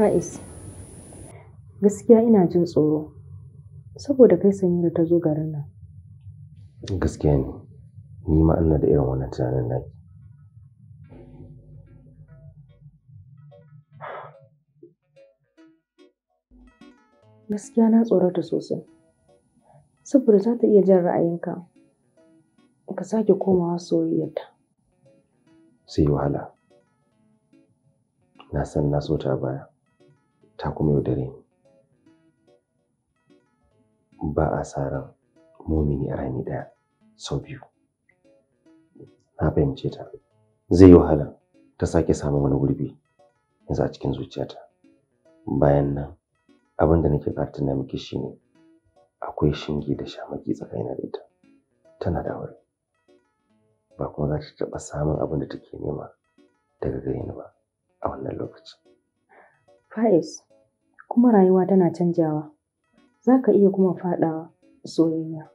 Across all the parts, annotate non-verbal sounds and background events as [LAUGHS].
Faiz, gaskiya ina jin tsoro saboda kai da ta zo garin nan. Gaskiya ne, ni ma ina da irin wannan tunanin naki. Gaskiya na tsorata sosai, saboda za ta iya jin ra'ayinka ka sake komawa soyayyarta. Sai wahala, na san na so ta baya. ta kuma yaudare ni ba a sa ran mumini a rami ɗaya sau biyu na fahimce ta zai yi wahala ta sake samun wani gurbi yanzu a cikin zuciyata bayan nan abin da nake ƙartin na miki ne, akwai shingi da shamaki tsakanin da ita tana da aure ba kuma za ta taɓa samun abin da take nema daga gare ni ba a wannan lokacin. Price. kuma rayuwa tana canjawa. Za ka iya kuma faɗawa soyayya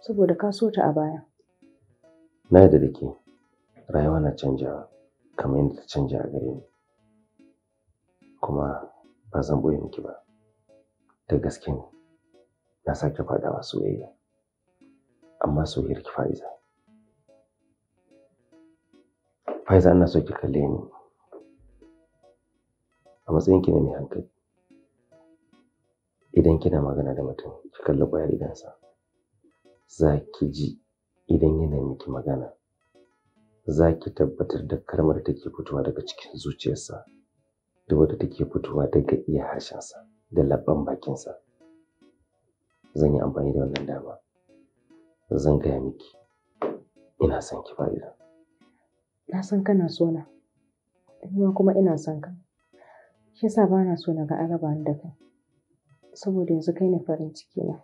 saboda ka so ta a baya. Na yadda da ke rayuwa na canjawa kamar yadda ta canja a gare ni. Kuma ba zan ɓoye miki ba. Da gaske ne na sake faɗawa soyayya. Amma soyayyar ki fa'iza. Fa'iza ina so ki kalle ni. A matsayin ki ne mai hankali. idan kina magana da mutum ki kalli ƙwayar idansa za ki ji idan yana miki magana za ki tabbatar da kalmar da take fitowa daga cikin zuciyarsa da wadda take fitowa daga iya harshensa da labban bakinsa zan yi amfani da wannan dama zan gaya miki ina son ki fa'ida na san kana so na kuma ina son ka shi yasa ba na so na ga araba da kai saboda yanzu kai ne farin ciki na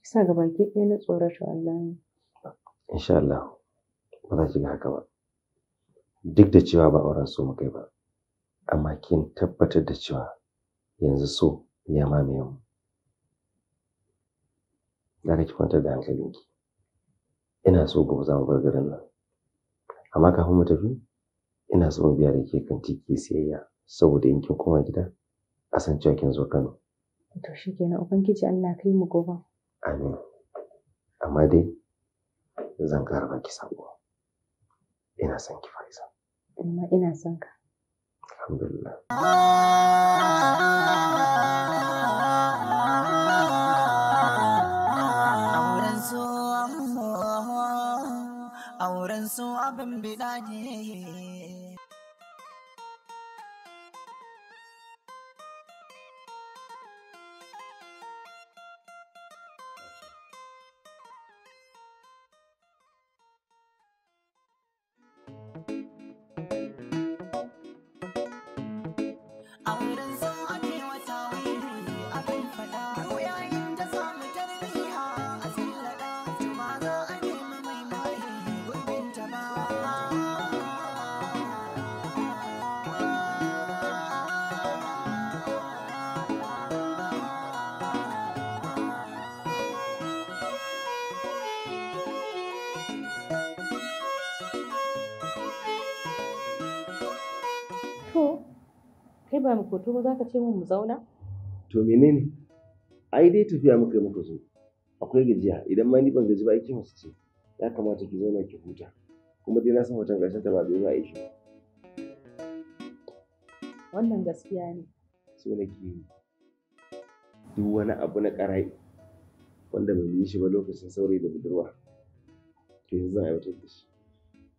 kisa ga baki ɗaya na tsorata wallahi insha Allah ba za ki ga haka ba duk da cewa ba auren so mu kai ba amma kin tabbatar da cewa yanzu so ya mamaye mu za ki kwantar da hankalinki ina so gobe za mu bar garin nan amma kafin mu tafi ina so mu biya da ke kan tiki siyayya saboda in kin koma gida a san cewa kin zo Kano To shi kenan Ubangiji Allah kai mu gobe. Amin. Amma dai zan kara baki sako. Ina son ki Faiza. Amma ina son ka. Alhamdulillah. auren su abin ne ba mu koto ba za ka ce mu mu zauna? To menene? Ai dai tafiya muka yi muka zo. Akwai gajiya idan ma ni ban gaji ba aiki masu ce. Ya kamata ki zauna ki huta. Kuma dai na san watan ƙarshen ta ba zai ba aiki. Wannan gaskiya ne. So na yi. Duk wani abu na ƙarai wanda ba yi shi ba lokacin saurayi da budurwa. To yanzu zan aiwatar da shi.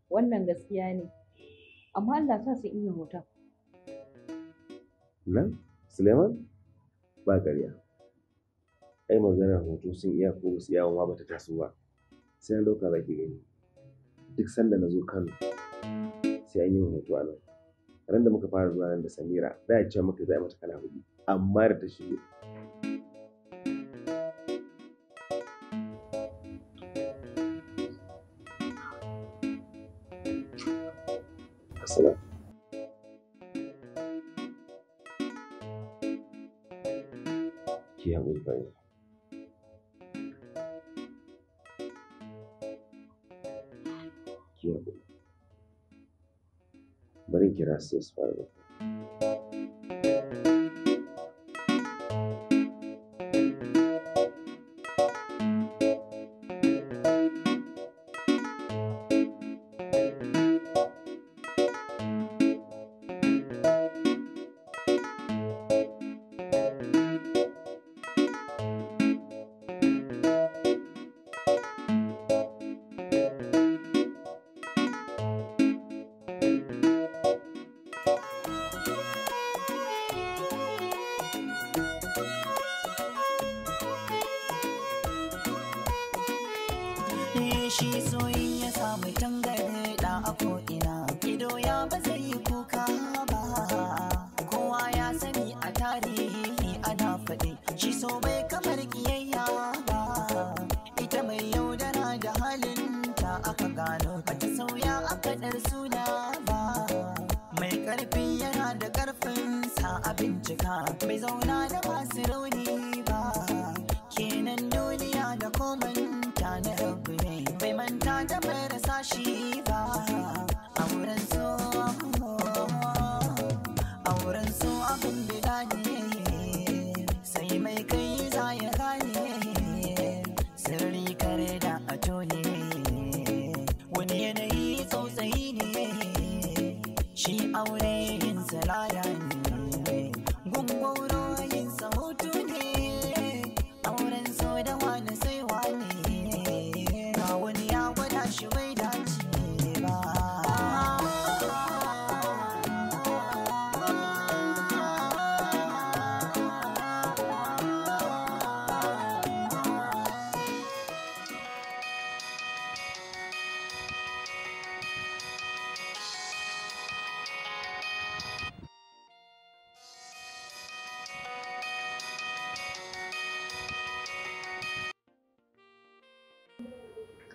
Wannan gaskiya ne. Amma Allah sa su iya hoton. nan Suleiman ba gariya. ai maganar hoto sun iya ko ba su ma bata taso ba sai na ɗauka zaki gani duk sanda na zo Kano sai an yi hoto a nan ran da muka fara zuwa nan da Samira da ya ce muka za a mata kala hudu amma da ta shige Assalamu किया कुछ भाई किया बड़ी गिरा से इस बार में shi soyin ya samu tangare da a ko'ina ido ya ba zai yi kuka ba kowa ya sani a tarihi ana faɗi shi so bai kamar kiyayya ba ita mai yaudara da halin ta aka gano bata sauya a ɗar suna ba mai ƙarfi yana da ƙarfin sa a bincika mai zauna da masu rauni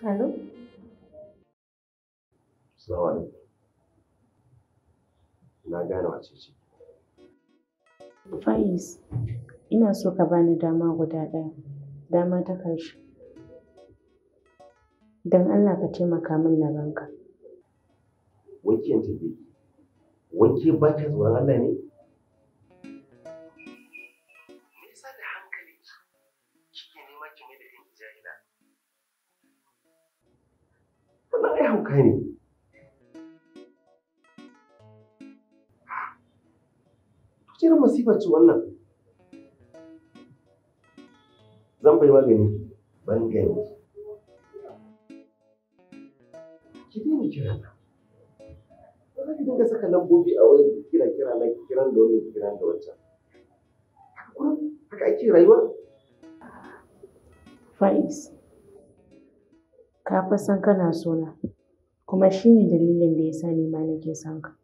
Hello. Salamu alaikum. Na gane wace ce. Faiz, ina so ka bani dama guda ɗaya, dama ta ƙarshe. Don Allah ka taimaka min na ranka. Wanke yanzu dai, wanke ba ta zuwa Allah ne? ai hauka ne irin masifa ce wannan zan bai magani ban gani ki daina kira na ba za ki dinga saka lambobi a wani kira kira na kiran da wani kiran da wancan haka ake rayuwa Faiz, ka fa san kana sona. kuma shi ne dalilin da ya sa ni ma nake son ka.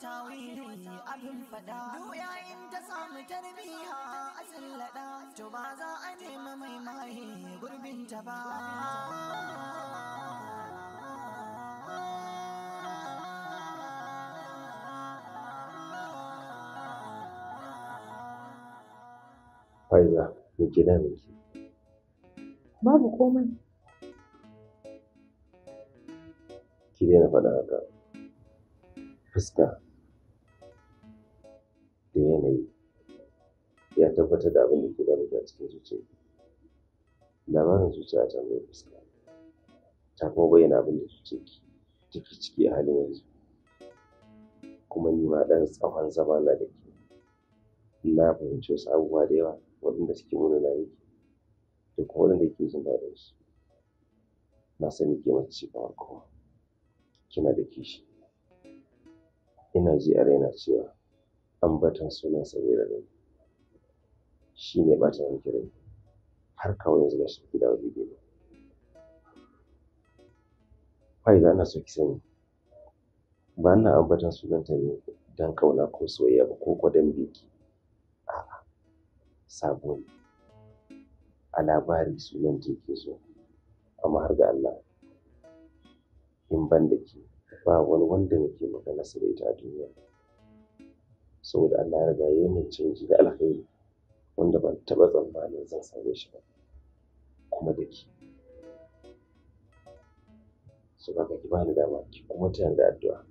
tawili abin fada duk yayin ta samu tarbiya a tsallada to ba za a nema mai maye gurbin ta ba Faiza, me ke Babu komai. Ki daina faɗa haka. fuska da yanayi ya tabbatar da abin da ke da a cikin zuciya. labarin zuciya ta mai fuska ta kuma bayyana abin da zuciyarki take ciki a halin yanzu kuma ni ma ɗan tsawon zamana da ke na fahimci wasu abubuwa da yawa waɗanda suke na miki da kuma waɗanda ke jin daɗin su na sani ke mace kamar kowa kina da kishi ina ji a raina cewa ambaton sunan Samira ne shi ne ɓata min har kawai yanzu ga shi gida waje ne da ana so sani ba na ambaton sunanta ne don kauna ko soyayya ba ko kwadon biki a'a sabo a labari sunan ke zo amma har ga Allah in ban da ke ba wani wanda nake maka da ita a duniya saboda Allah ya riga ya min canji da alkhairi wanda ban taɓa tsammanin zan same shi ba kuma da ke su kaga ki ni dama ki kuma ta da addu'a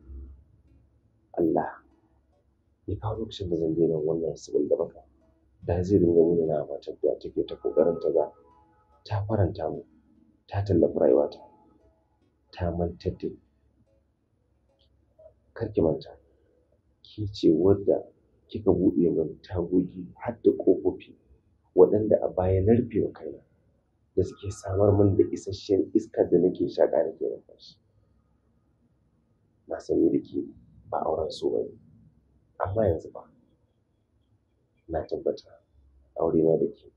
Allah ya kawo lokacin da zan daina wannan sabon da baka da zai dinga nuna na matar da take ta kokarin ta ga ta faranta mu ta tallafa rayuwata ta mantar da kar manta ki ce wadda kika buɗe min tagogi har da ƙofofi waɗanda a baya na rufe wa kaina da suke samar min da isasshen iska da nake shaƙa nake numfashi na san ni da ke ba auren so ne amma yanzu ba na tabbata aure na da ke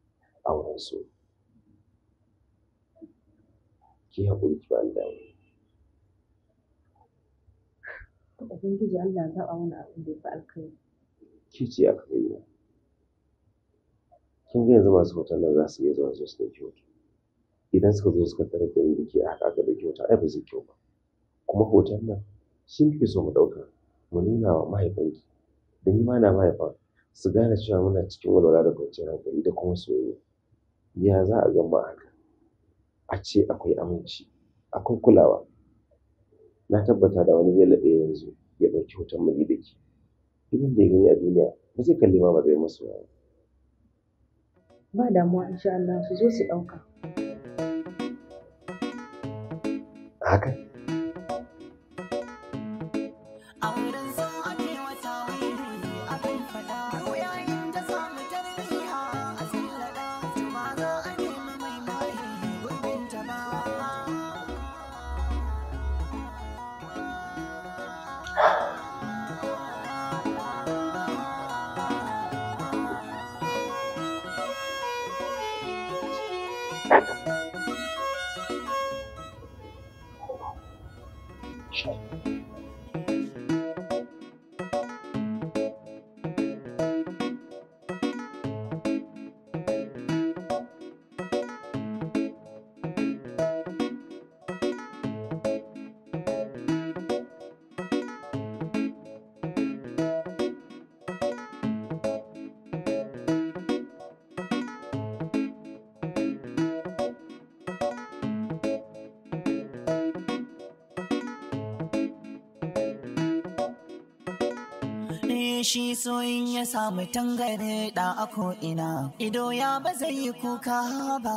auren so ki haƙuri ki ba ni Ubangiji Allah zaɓa mana abin da ya fi alkhairi. Ki ce aka gani. Kin ga yanzu masu hoton nan za su iya zuwa su ɗauki hoto. Idan suka zo suka tarar da ni da ke haka aka ɗauki hoto ai ba zai kyau ba. Kuma hoton nan shi muke so mu ɗauka mu nuna wa mahaifanki da ni ma na mahaifa su gane cewa muna cikin walwala da kwanciyar hankali da kuma soyayya. Ya za a gan haka? A ce akwai aminci, akwai kulawa, na tabbata da wani zai laɓe yanzu ya ɗauki hoton mai da ke duk wanda ya gani a duniya ba zai kalli ma zai masu ba. Ba damuwa insha Allah su zo su ɗauka. Haka? shi soyin ya samu tangare da ako ina ido ya ba yi kuka ba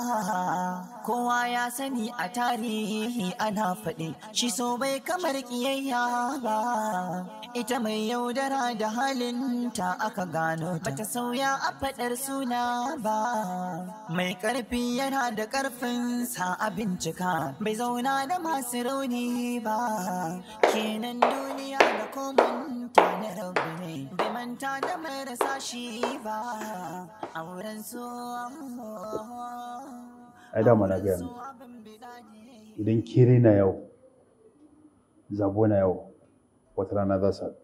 kowa ya sani a tarihi ana faɗi shi so bai kamar ƙiyayya ba ita mai yaudara da halin ta aka gano ta bata sauya a faɗar suna ba mai ƙarfi yana da ƙarfin sa a bincika bai zauna da masu rauni ba kenan duniya da komanta na rabu ne bai manta da marasa shi ba auren su ai dama na gaya miki idan kere na yau zabo na yau wata rana za su haɗu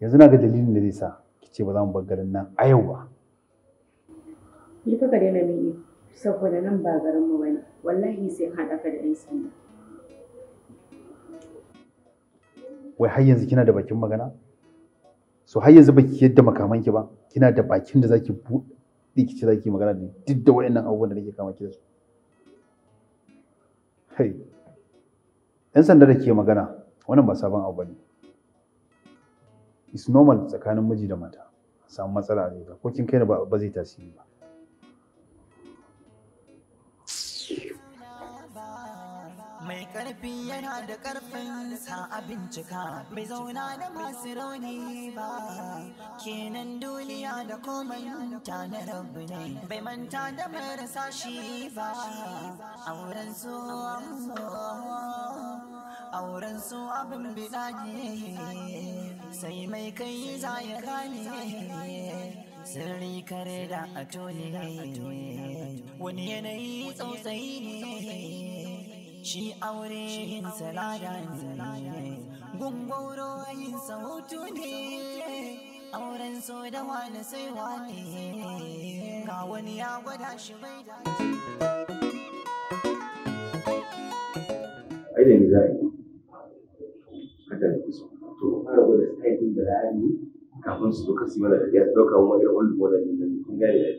yanzu na ga dalilin da zai sa ki ce ba za mu bar garin nan a yau ba yi ka daina mini saboda nan ba garin mu bane wallahi sai haɗa ka da ɗan sanda wai har yanzu kina da bakin magana so har yanzu baki yadda makaman ki ba kina da bakin da zaki buɗe ki ce zaki magana da duk da wayannan abubuwan da nake kama ki da su hey yan sanda da ke magana wannan ba sabon abu bane is normal tsakanin miji da mata samu matsala a ko kin kai ba zai tasiri ba mai karfi yana da karfin sa a bincika bai zauna da masu rauni ba kenan duniya da komai ta na rabu ne bai manta da marasa shi ba auren su auren su abin bida ne sai mai kai za ya gane sirri kare da a tole wani yanayi tsautsayi ne shi aure yin salada ne gungoro yin sautu ne auren so da wani sai wani ga wani ya gwada shi bai da ai da ni za a yi da kusa to fara gwada aikin da za a yi kafin su duka su mana da ya dauka wani irin wani model nan kun gane da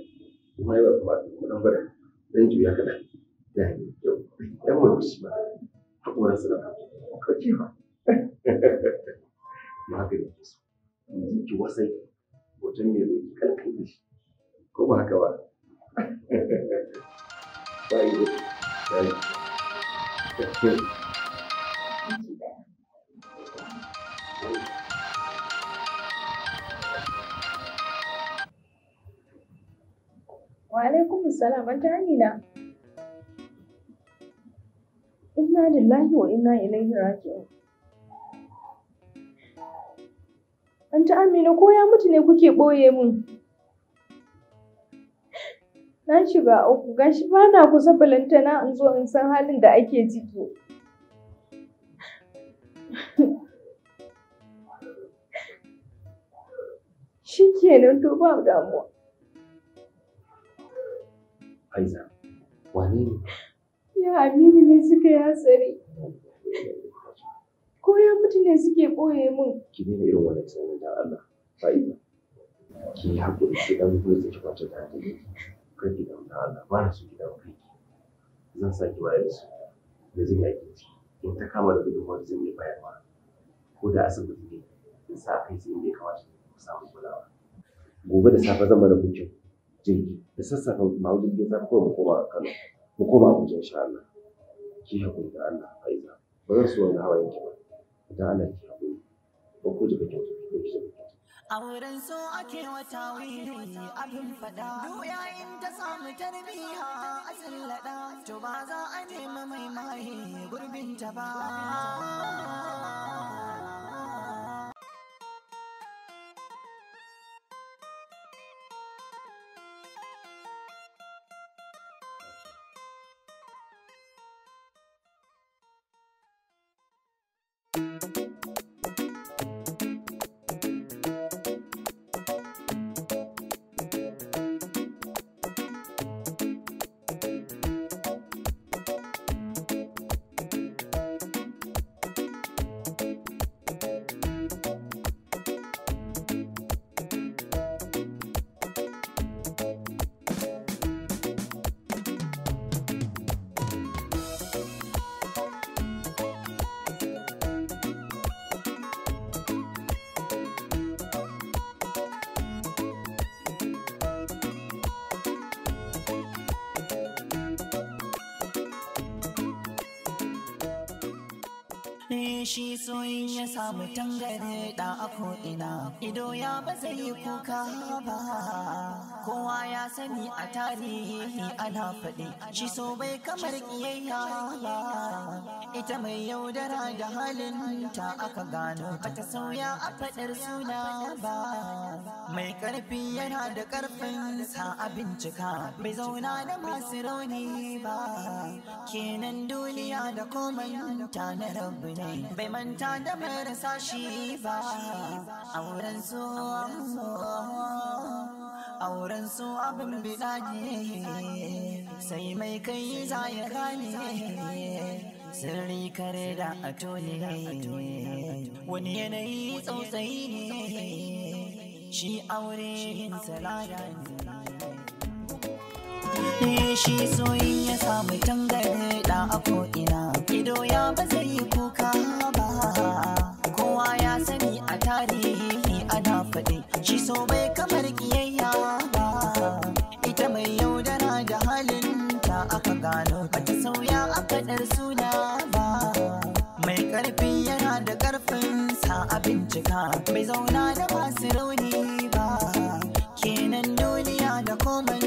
kuma ya kuma dan gwada dan juya kada da mu da shi ba haƙoran su da ba [LAUGHS] yanzu ki wasai mai da shi ko ba haka ba [LAUGHS] ba yi Wa alaikum salam, an ta Amina. Inna lillahi wa inna ilaihi raji'un. ta Amina ko ya mutu ne kuke ɓoye min? Na shiga uku gashi ba na kusa balantana in zo in san halin da ake ciki. Shi kenan to ba damuwa. Aiza, wane ne? da Aminu ne suka yi hatsari. Ko ya mutu ne suke ɓoye mun Ki daina irin wannan tunanin da Allah fa'ida. Ki yi haƙuri ki ɗan gwiwa ki kwanta da hankali. Kar ki damu da Allah ba na ki kai. Zan sa ki wayar da su da zai yaƙi ki. In ta kama da gudun wani zai bayarwa. Ko da asibiti ne in sa kai sai inda ya kamata ku samu kulawa. Gobe da safe zan mana bincin jirgi da sassafe ma'aikata ya zafi kowa mu koma Kano. mu koma Abuja insha Allah ki hakuri da Allah Aiza ba zan so wani hawayen ki ba da Allah ki hakuri ba ko jika kyautu a wurin so ake wata wili abin fada duk ta samu tarbiya a sallada to ba za a nema mai mahi gurbin ta ba Dai shi soyin ya samu tangare da ako ina ido ya ba yi kuka ba kowa ya sani a tarihi ana faɗi shi so bai kamar kiyayya ba ita mai yaudara da halin ta aka gano ta sauya a faɗar suna ba mai ƙarfi yana da ƙarfin sa a bincika bai zauna da masu rauni ba kenan duniya da komai, ta na rabu ne bai manta da marasa shi ba auren su auren su abin bida ne sai mai kai za ya gane sirri kare da ato ne wani yanayi tsautsayi ne shi aure yin ne shi soyin ya samu tangare da a ko'ina ido ya ba zai yi kuka ba kowa ya sani a tarihi a ana faɗi shi so bai kamar kiyayya ba ita mai yaudara da halin ta aka gano bata sauya aka ɗar suna ba mai ƙarfi yana da ƙarfin sa a bincika bai zauna da masu rauni ba kenan duniya da komai